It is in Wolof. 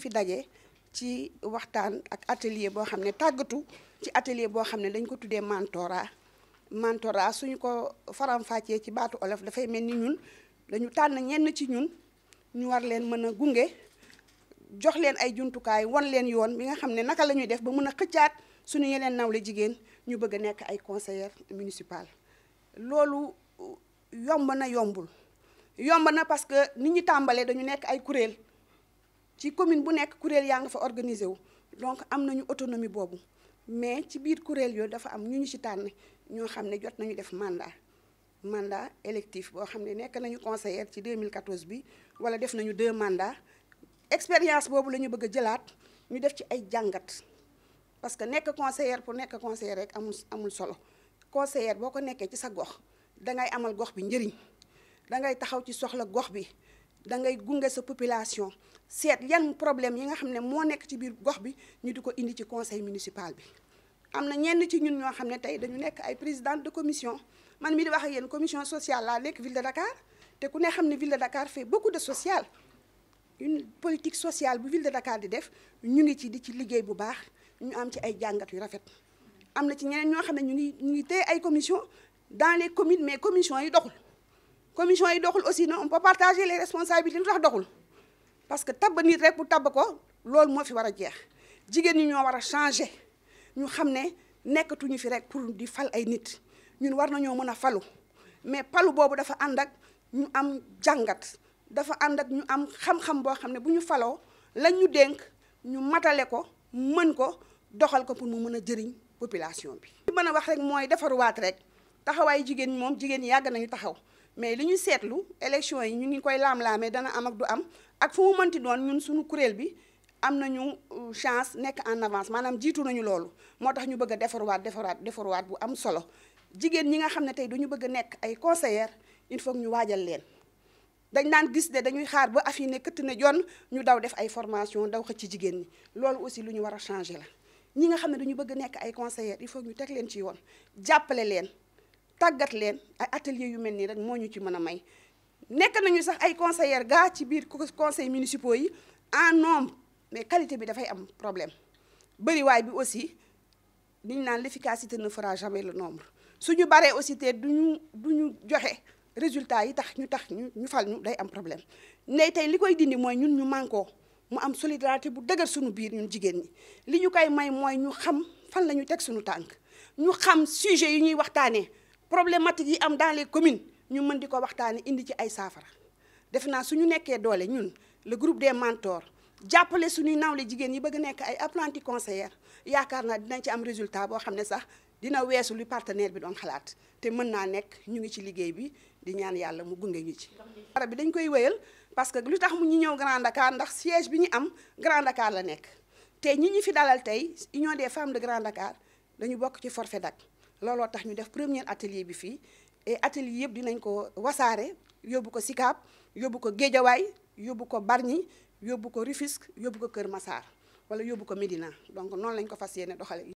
fi daje ci waxtaan ak atelier boo xam ne tàggatu ci atelier boo xam ne dañ ko tuddee mentorat mentorat suñu ko faram ci baatu olof dafay mel ni ñun dañu tànn ñenn ci ñun ñu war leen mën a gunge jox leen ay jumtukaay won leen yoon bi nga xam ne naka la ñuy def ba mën a xëccaat suñu yeneen nawle jigéen ñu bëgg a nekk ay conseillère municipal loolu yomb na yombul yomb na parce que nit ñi tàmbalee dañu nekk ay kuréel ci commune bu nekk kuréel yaa nga fa organiser wu donc am nañu autonomie boobu mais ci biir kuréel yooyu dafa am ñu ñu ci tànn ñoo xam ne jot nañu def mandat mandat électif boo xam ne nekk nañu conseillère ci 2014 bi wala def nañu deux mandats expérience boobu la ñu bëgg a jëlaat ñu def ci ay jàngat parce que nekk conseillère pour nekk conseiller rek amul amul solo conseillère boo ko nekkee ci sa gox dangay amal gox bi njëriñ dangay taxaw ci soxla gox bi da ngay gunge sa population seet yan problème yi nga xam ne moo nekk ci biir gox bi ñu di ko indi ci conseil municipal bi am na ñenn ci ñun ñoo xam ne tey dañu nekk ay présidente de commission man mi di wax ak yéen commission sociale laa nekk ville de Dakar te ku ne xam ne ville de Dakar fait beaucoup de social une politique sociale bu ville de Dakar di def ñu ngi ci di ci liggéey bu baax ñu am ci ay jàngat yu rafet am na ci ñeneen ñoo xam ne ñu ngi ñu ngi ay commission dans les mais commission yi doxul commission yi doxul aussi non on peut partager les responsabilités lu tax doxul parce que tabb nit rek bu tabb ko loolu moo fi war a jeex jigéen ñi ñoo war a changer ñu xam ne nekkatuñu fi rek pour di fal ay nit ñun war nañoo mën a falu mais palu boobu dafa ànd ak ñu am jàngat dafa ànd ak ñu am xam-xam boo xam ne bu ñu faloo lañ ñu dénk ñu matale ko mën ko doxal ko pour mu mën a jëriñ population bi. mën a wax rek mooy defaruwaat rek taxawaay jigéen moom jigéen ñi yàgg nañu taxaw. mais li ñu seetlu élection yi ñu ngi koy laam-laamee dana am ak du am ak fu mu mënti doon ñun suñu kuréel bi am nañu euh, chance nekk en avance maanaam jiitu nañu loolu moo tax ñu bëgg defaruwaat defarwaat defarwaat bu am solo jigéen ñi nga xam ne tey du ñu bëgg a nekk ay conseillère il faut ñu waajal leen dañ naan gis de dañuy xaar ba affiné këtt ne jon ñu daw def ay formation daw xëcc ci jigéen ñi loolu aussi lu ñu war a changer la ñi nga xam ne dañu bëgg nekk ay conseillère il faut ñu teg leen ci yoon jàppale leen tàggat leen ay atelier yu mel nii rek moo ñu ci mën a may nekk nañu sax ay conseillers gaa ci biir conseil municipaux yi en nombre mais qualité bi dafay am problème bëriwaay bi aussi liñ naan l'efficacité ne fera jamais la nombre suñu baree aussi te duñu ñu joxe résultat yi tax ñu tax ñu ñu fal ñu day am problème ne tey li koy dindi mooy ñun ñu mànkoo mu am solidarité bu dëgër suñu biir ñun jigéen ñi li ñu koy may mooy ñu xam fan la ñu teg suñu tànk ñu xam sujet yi ñuy waxtaanee problématique yi am dans les communes ñu mën di ko waxtaanee indi ci ay saafara def naa su ñu nekkee doole ñun le groupe des mentors jàppale suñuy nawle jigéen yi bëgg nekk ay apprentis conseillers yaakaar naa dinañ ci am résultat boo xam ne sax dina weesu lu partenaire bi doon xalaat te mën naa nekk ñu ngi ci liggéey bi di ñaan yàlla mu gunge ñu ci. dara bi dañ koy wéyal parce que lu tax mu ñu ñëw Grand Dakar ndax siège bi ñu am Grand Dakar la nekk te ñi ñu fi dalal tey Union des femmes de Grand dañu bokk ci forfait dak looloo tax ñu def premier atelier bi fii et atelier yëpp dinañ ko wasaare yóbbu ko Sicap yóbbu ko Géejawaay yóbbu ko Bargny yóbbu ko Rufisque yóbbu ko Kër Massar wala yóbbu ko Médina donc noonu lañ ko fas yéene doxale